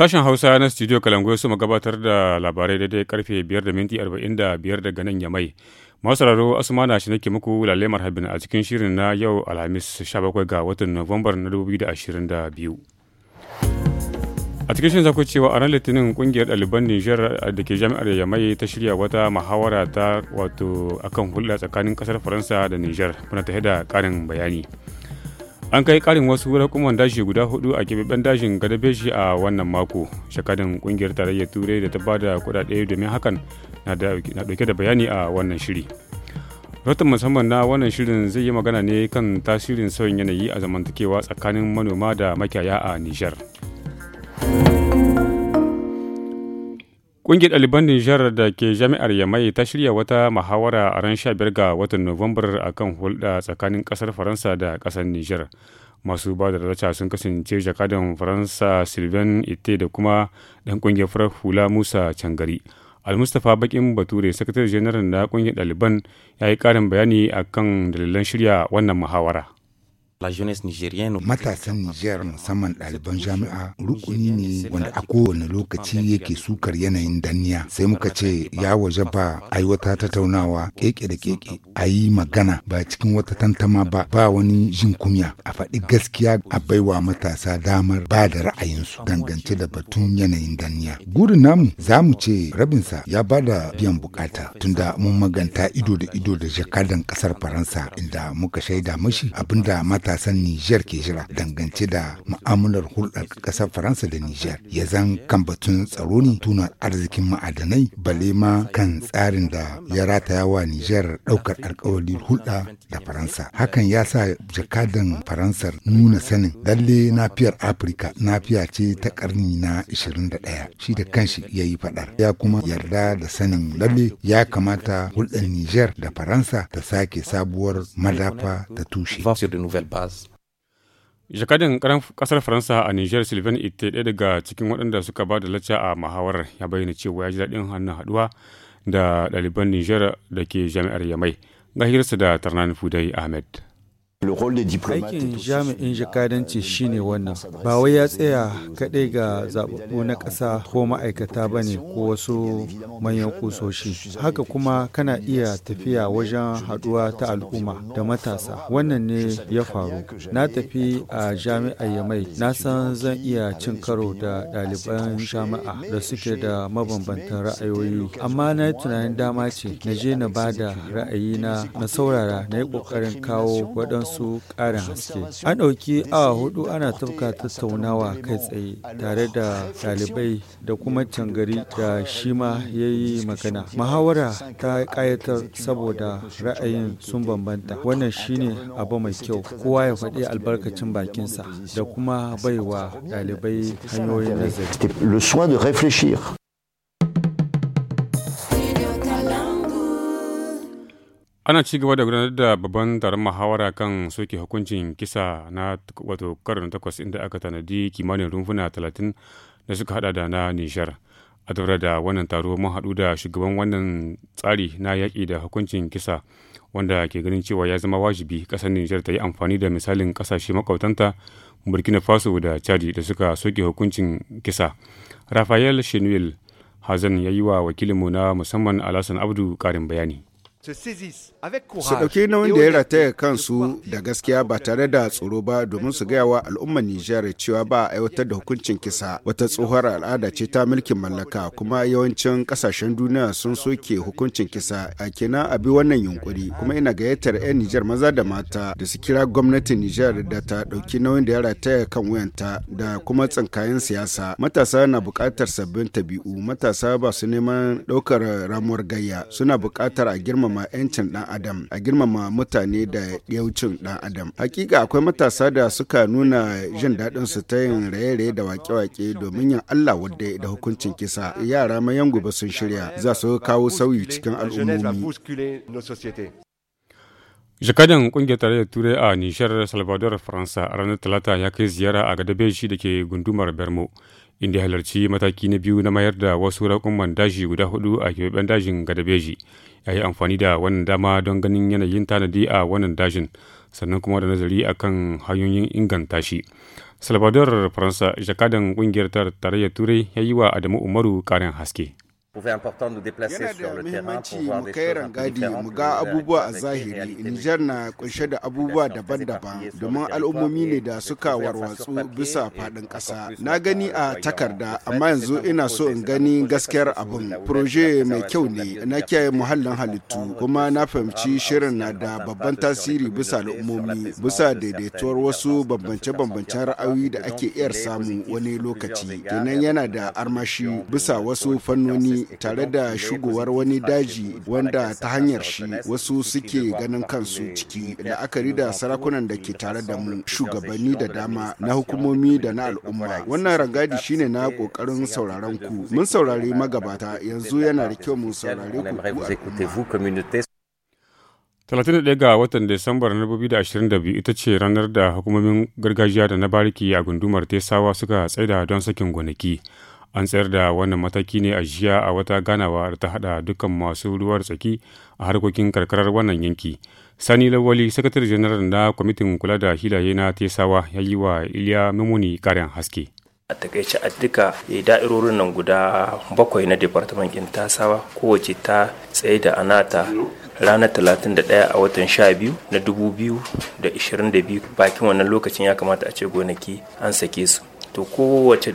Sashen Hausa na Studio Kalangoyo su gabatar da labarai daidai karfe 5 da minti 45 daga nan yamai. Masu raro Asmana shi nake muku lalle marhabin a cikin shirin na yau Alhamis 17 ga watan Nuwambar na 2022. A cikin shirin zaku cewa a Litinin kungiyar ɗaliban Nijar da ke jami'ar Yamai ta shirya wata muhawara ta wato akan hulɗa tsakanin ƙasar Faransa da Nijar. Muna tafi da ƙarin bayani. an kai karin wasu rakuman daji guda hudu a keɓaɓɓen dajin gadabeshi a wannan mako shakadin kungiyar tarayyar turai da ta ba da kudade domin hakan na dauke da bayani a wannan shiri rotun musamman na wannan shirin zai yi magana ne kan tasirin sauyin yanayi a zamantakewa tsakanin manoma da makiyaya a nijar Ƙungiyar ɗaliban Nijar da ke jami'ar Yamai ta shirya wata muhawara a ran 15 ga watan Nuwambar a kan hulɗa tsakanin ƙasar Faransa da ƙasar Nijar. Masu ba da daraja sun kasance jakadan Faransa Sylvain Ite da kuma ɗan ƙungiyar farar hula Musa Cangari. Almustapha Bakin Bature, sakatare janar na ƙungiyar ɗaliban, ya yi ƙarin bayani akan dalilan shirya wannan muhawara. la jeunesse nigérienne matasan Niger musamman ɗaliban jami'a rukuni ne wanda a kowane lokaci yake sukar yanayin danniya sai muka ce ya waje ba a yi wata tattaunawa keke da keke a yi magana ba cikin wata tantama ba ba wani jin kunya. a faɗi gaskiya a baiwa matasa damar ba da ra'ayinsu dangance da batun yanayin danniya gurin namu za mu ce rabinsa ya ba da biyan bukata tunda mun maganta ido da ido da jakadan kasar faransa inda muka shaida mashi abinda mata matasan Nijar ke jira dangance da mu'amalar hulɗar ƙasar Faransa da Nijar ya zan kan batun tsaro ne tuna arzikin ma'adanai bale ma kan tsarin da ya rataya wa Nijar ɗaukar alƙawari hulɗa da Faransa. Hakan ya sa jakadan Faransar nuna sanin lalle nafiyar Afirka nafiya ce ta ƙarni na 21 shi da kanshi ya yi faɗar ya kuma yarda da sanin lalle ya kamata hulɗar Nijar da Faransa ta sake sabuwar madafa ta tushe. france karan kasar faransa a niger sylvain ite ɗaya daga cikin waɗanda suka ba da lacca a muhawarar ya bayyana cewa ya ji daɗin hannun haɗuwa da ɗaliban niger da ke jami'ar yamai gahirsa da tarnan fudai ahmed Aikin jami'in jakadanci shine wannan, ba wai ya tsaya kaɗai ga zaɓaɓɓu na ƙasa ko ma'aikata ba ne ko wasu manyan kusoshi. Haka kuma kana iya tafiya wajen haɗuwa ta al'umma da matasa. Wannan ne ya faru. Na tafi a jami'ar Yamai, na san zan iya cin karo da ɗaliban jami'a da suke da mabambantan ra'ayoyi. Amma na yi tunanin dama ce, na je na ba da ra'ayina, na saurara, na yi ƙoƙarin kawo waɗansu su ƙarin haske. An ɗauki awa hudu ana tafka tattaunawa kai tsaye tare da ɗalibai da kuma cangari da shi ma ya yi magana. Muhawara ta ƙayatar saboda ra'ayin sun bambanta. Wannan shine abu mai kyau. Kowa ya faɗi albarkacin bakinsa da kuma baiwa ɗalibai hanyoyin nazari. ana ci gaba da gudanar da babban taron muhawara kan soke hukuncin kisa na wato karo na takwas inda aka tanadi kimanin rumfuna talatin da suka hada da na nishar a da wannan taro mun haɗu da shugaban wannan tsari na yaƙi da hukuncin kisa wanda ke ganin cewa ya zama wajibi ƙasar nijar ta yi amfani da misalin ƙasashe makwabtanta burkina faso da chadi da suka soke hukuncin kisa rafael shenuel hazan ya yi wa wakilinmu na musamman Alhassan abdu karin bayani su ɗauki nauyin da ya rataya kansu da gaskiya ba tare da tsoro ba domin su gaya wa al'ummar nijar cewa ba a aiwatar da hukuncin kisa wata tsohuwar al'ada ce ta mulkin mallaka kuma yawancin kasashen duniya sun soke hukuncin kisa a kina a bi wannan yunkuri kuma ina gayyatar 'yan nijar maza da mata da su kira gwamnatin nijar da ta dauki nauyin da ya rataya kan wayanta da kuma tsinkayen siyasa matasa na bukatar sabbin tabi'u matasa ba su neman ɗaukar ramuwar gayya suna buƙatar a girmama girmama 'yancin dan adam a girmama mutane da yaucin dan adam hakika akwai matasa da suka nuna jin daɗin su ta yin raye-raye da wake-wake domin yin allah wadda da hukuncin kisa yara mayan gobe sun shirya za su kawo sauyi cikin al'ummomi jakadan kungiyar tarayyar turai a nishar salvador faransa ranar talata ya kai ziyara a gadabeshi da ke gundumar bermo inda ya halarci mataki na biyu na mayar da wasu raƙuman daji guda hudu a keɓaɓɓen dajin gadabeji ya yi amfani da wannan dama don ganin yanayin tanadi a wannan dajin sannan kuma da nazari a kan hanyoyin inganta shi salvador faransa jakadan ƙungiyar tarayyar turai ya yi wa adamu umaru ƙarin haske Yana da muhimmanci mu kai rangadi mu ga abubuwa a zahiri. Nijar na kunshe da abubuwa daban-daban domin al'ummomi ne da suka warwatsu bisa faɗin ƙasa. Na gani a takarda amma yanzu ina so in gani gaskiyar abun Proje mai kyau ne na kiyaye muhallin halittu kuma na fahimci shirin na da babban tasiri bisa al'ummomi bisa daidaituwar wasu bambance-bambancen ra'ayoyi da ake iya samu wani lokaci. Kenan yana da armashi bisa wasu fannoni tare da shigowar wani daji wanda ta hanyar shi wasu suke ganin kansu ciki la'akari da sarakunan da ke tare da mu shugabanni da dama na hukumomi da na al'umma wannan rangadi shine na kokarin sauraron ku mun saurari magabata yanzu yana da kyau mu saurare ku talatin da ga watan Disambar na 2022 ita ce ranar da hukumomin gargajiya da na bariki a gundumar Tesawa suka tsaida don sakin gonaki. an tsayar da wannan mataki ne a jiya a wata ganawa da ta hada dukkan masu ruwar tsaki a harkokin karkarar wannan yanki sani lawali sakatare janar na kwamitin kula da hilaye na tesawa ya yi wa iliya mimuni karin haske a takaice a duka eh, da'irorin nan guda bakwai na ta tasawa kowace ta tsaye da anata ranar 31 a watan 12 na 2022 bakin wannan lokacin ya kamata a ce gonaki an sake su to kowace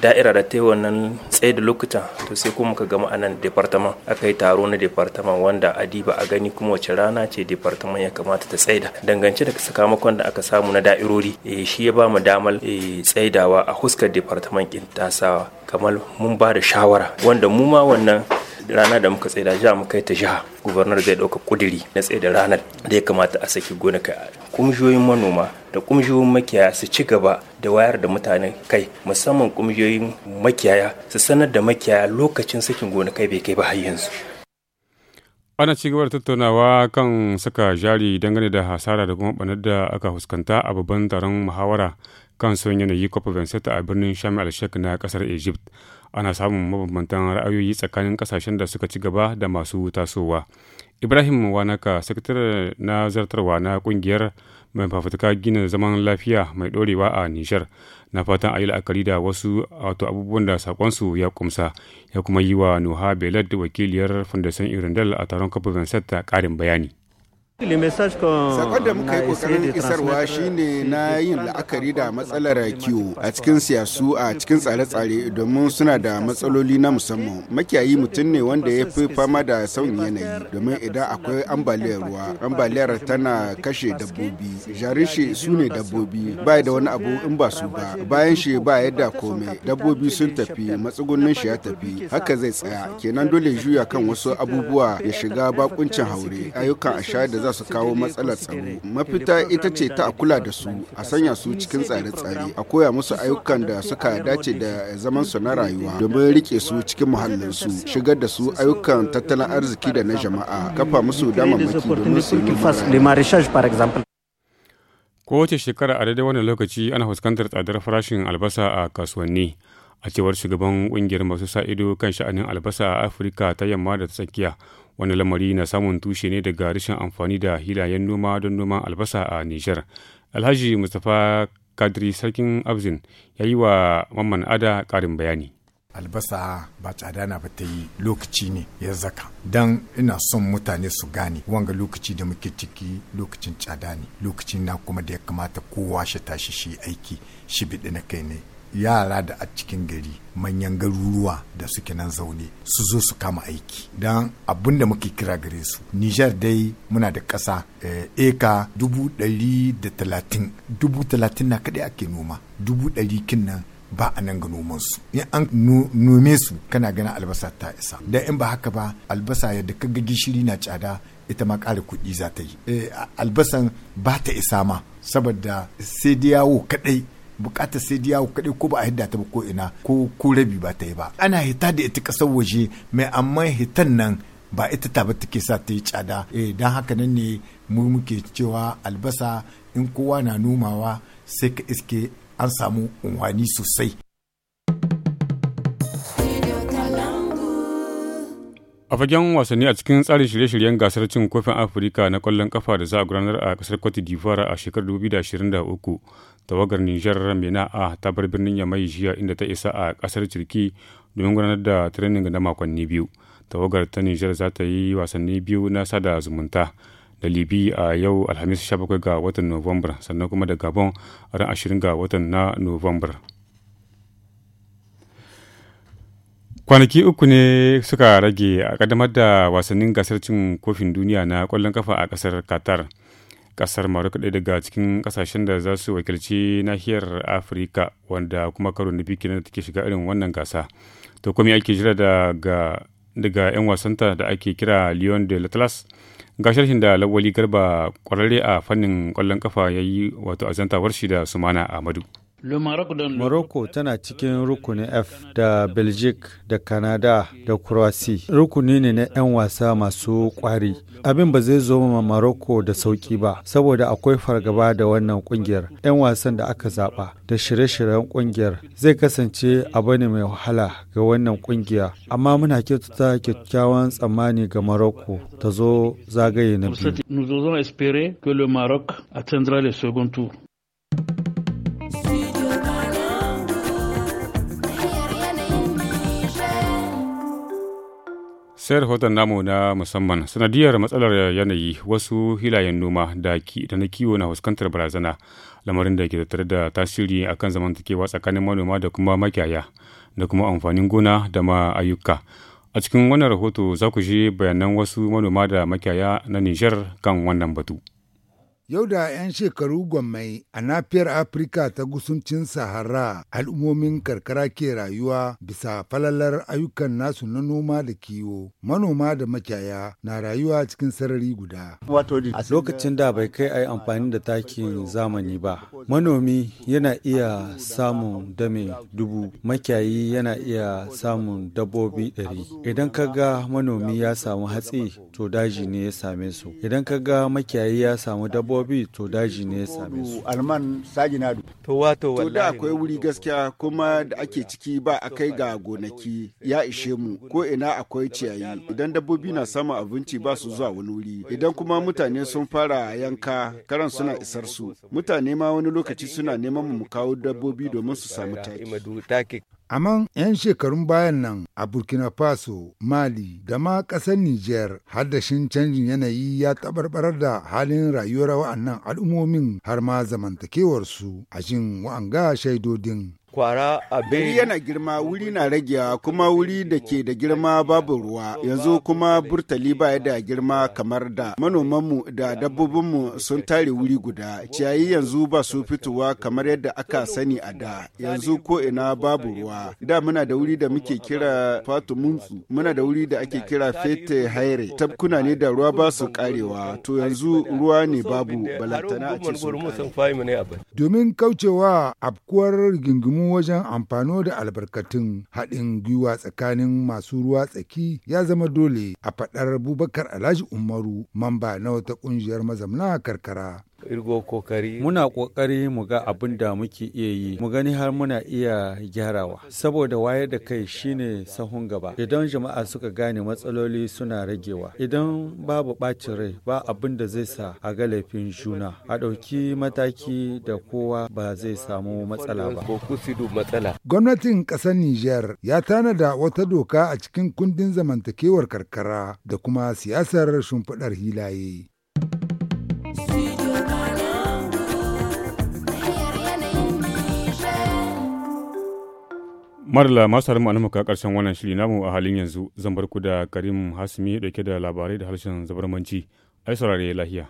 da'ira da ta yi wannan tsaye da lokuta to sai kuma ka gama anan departament aka yi taro na departament wanda adiba a gani kuma wace rana ce departament ya kamata ta tsaida dangance da sakamakon da aka samu na da'irori eh, shi ya ba mu damar eh, tsaidawa a huskar departament kin tasawa kamar mun ba da shawara wanda mu ma wannan rana da muka tsaida jiha muka ta jiha gubernar zai ɗauka kudiri na tsaida ranar da ya kamata a saki gonaka kumshiyoyin manoma da kumshiyoyin makiyaya su ci gaba da wayar da mutane kai musamman kumshiyoyin makiyaya su sanar da makiyaya lokacin sakin gona kai bai kai ba har yanzu ana ci gaba da tattaunawa kan saka jari dangane da hasara da kuma banar da aka fuskanta a babban taron muhawara kan son yanayi cop a birnin sham al-sheikh na kasar egypt ana samun mabambantan ra'ayoyi tsakanin kasashen da suka ci gaba da masu tasowa ibrahim wanaka sakatare na zartarwa na kungiyar mai fafutuka gina zaman lafiya mai dorewa a nishar na fatan a yi la'akari da wasu wato abubuwan da sakonsu ya kumsa ya kuma yi wa nuha belad wakiliyar fundasan irindal a taron kafin ta karin bayani Sakon da muka yi kokarin isarwa shine na yin la'akari da matsalar kiwo a cikin siyasu a cikin tsare-tsare domin suna da matsaloli na musamman. Makiyayi mutum ne wanda ya fi fama da sauyin yanayi domin idan akwai ambaliyar ruwa, ambaliyar tana kashe dabbobi. Jarin shi su ne dabbobi, ba da wani abu in ba su ba. Bayan shi ba yadda komai, dabbobi sun tafi, matsugunin shi ya tafi, haka zai tsaya. Kenan dole juya kan wasu abubuwa ya shiga bakuncin haure, ayyukan a da za su kawo matsalar tsaro mafita ita ce ta kula da su a sanya su cikin tsare-tsare a koya musu ayyukan da suka dace da zaman su na rayuwa domin rike su cikin muhallin su shigar da su ayyukan tattalin arziki da na jama'a kafa musu damammaki domin su kowace shekara a daidai wannan lokaci ana fuskantar tsadar farashin albasa a kasuwanni a cewar shugaban kungiyar masu sa ido kan sha'anin albasa a afirka ta yamma da tsakiya wani lamari na samun tushe ne daga rashin amfani da hilayen noma don noman albasa a nijar alhaji mustapha kadri sarkin abzin ya yi wa mamman ada ƙarin bayani albasa ba tsada na ba ta yi lokaci ne ya zaka dan ina son mutane su gane wanga lokaci da muke ciki lokacin tsada ne lokacin na kuma da ya kamata kowa shi tashi shi aiki shi biɗi na kai ne yara da a cikin gari manyan garuruwa da suke nan zaune su zo su kama aiki don abin da muke kira gare su nijar dai muna da ƙasa eh, eka dubu ɗari da talatin dubu talatin na kaɗai ake noma dubu ɗari kin nan ba a nan ga nomansu in an nome su kana ganin albasa ta isa da in ba haka ba albasa yadda ka ga gishiri na tsada ita ma ƙara kuɗi za ta yi eh, albasan ba ta isa ma saboda sai dai yawo kaɗai bukatar sai yawo kaɗai ko ba a hidda ta ba ko ina ko ko rabi ba ta yi ba ana hita da ita ƙasar waje mai amma hitan nan ba ita ta ba take sa ta yi tsada eh dan haka nan ne mu muke cewa albasa in kowa na nomawa sai ka iske an samu unwani sosai A fagen wasanni a cikin tsarin shirye-shiryen gasar cin kofin Afirka na kwallon kafa da za a gudanar a kasar Cote d'Ivoire a shekarar 2023, tawagar Nijar Mena a ta bar birnin Yamai jiya inda ta isa a kasar Turki domin gudanar da training na makonni biyu. Tawagar ta Nijar za ta yi wasanni biyu na sada zumunta da Libi a yau Alhamis 17 ga watan Nuwambar sannan kuma da Gabon a ran 20 ga watan na Nuwambar. kwanaki uku ne suka rage a kaddamar da wasannin gasar cin kofin duniya na kwallon kafa a kasar qatar kasar maroko ɗaya daga cikin kasashen da za su wakilci nahiyar afirka wanda kuma karo na biki take shiga irin wannan gasa to kuma ake jira daga daga 'yan wasanta da ake kira leon de latlas ga sharhin da lawali garba kwararre a fannin kwallon kafa ya yi wato azantawar shi da sumana amadu. Morocco tana cikin rukuni F da Belgic da Canada da Kurwasi. Rukuni ne na 'yan wasa masu kwari. Abin ba zai zo ma Morocco da sauki ba, saboda akwai fargaba da wannan kungiyar. 'Yan wasan da aka zaba da shirye-shiryen kungiyar zai kasance abu ne mai wahala ga wannan kungiya. Amma muna kyautata kyakkyawan tsammani ga Morocco ta zo zagaye na biyu. sai rahoton namu na musamman sanadiyar matsalar yanayi wasu hilayen noma da na kiwo na fuskantar barazana lamarin da ke tattare da tasiri akan zamantakewa tsakanin manoma da kuma makiyaya da kuma amfanin gona da ma ayyuka a cikin wannan rahoto za ku ji bayanan wasu manoma da makiyaya na nijar kan wannan batu. Yau da 'yan shekaru gwammai a nafiyar Afirka ta gusuncin Sahara al'ummomin karkara ke rayuwa bisa falalar ayyukan nasu na noma da kiwo, manoma da makiyaya na rayuwa cikin sarari guda. A lokacin da bai kai a yi amfani da takin zamani ba, manomi yana iya samun dame dubu, makiyayi yana iya samun dabbobi ɗari. Idan ka ga manomi ya samu hatsi, to daji ne ya same su. Idan ka ga makiyayi ya samu dabbobi dabbobi to daji ne ya same su alman saginadu to wato wallahi to da akwai wuri gaskiya kuma da ake ciki ba a kai ga gonaki ya ishe mu ko ina akwai ciyayi idan dabbobi na samun abinci ba su zuwa wani wuri idan kuma mutane sun fara yanka karan suna isar su mutane ma wani lokaci suna neman mu kawo dabbobi domin su samu taki amma 'yan shekarun bayan nan a Burkina Faso, Mali da ma ƙasar Nijar haddashin canjin yanayi ya tabarbarar da halin rayuwar wa'annan al'ummomin har ma zamantakewarsu a jin wa'anga shaidodin. kwara a gari yana girma wuri na ragewa kuma wuri da ke da girma babu ruwa yanzu kuma burtali ba da girma kamar da manomanmu da dabbobinmu sun tare wuri guda ciyayi yanzu ba su fitowa kamar yadda aka sani a da yanzu ko ina babu ruwa da muna da wuri da muke kira fatumunsu muna da wuri da ake kira fete haire tabkuna ne da ruwa ba su karewa to yanzu ruwa ne babu balantana a domin kaucewa afkuwar rigingimu wajen amfano da albarkatun haɗin gwiwa tsakanin masu ruwa tsaki ya zama dole a faɗar Bubakar Alhaji Umaru mamba na wata ƙungiyar mazamna karkara. irgo kokari muna kokari mu ga abin da muke iya yi mu gani har muna iya gyarawa saboda wayar da kai shine sahun gaba idan jama'a suka gane matsaloli suna ragewa idan babu bacin rai ba abin da zai sa a galafin laifin juna a ɗauki mataki da kowa ba zai samu matsala ba gwamnatin ƙasar niger ya tanada wata doka a cikin kundin zamantakewar karkara da kuma siyasar shimfiɗar hilaye Madalla masu harin ma'anar muka karshen wannan shiri namu a halin yanzu zan bar ku da Karim Hasmi dauke da labarai da harshen zabarmanci. Ai saurare lahiya.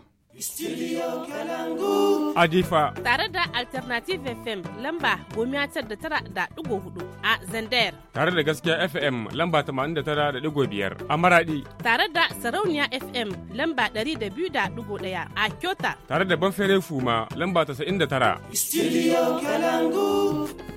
Adifa. Tare da Alternative FM lamba gomiya tar da tara da ɗigo hudu a Zandayar. Tare da gaskiya FM lamba tamanin da tara da ɗigo biyar a Maradi. Tare da Sarauniya FM lamba ɗari da biyu da ɗigo ɗaya a Kyota. Tare da Banfere Fuma lamba tasa'in da tara. Studio Kalangu.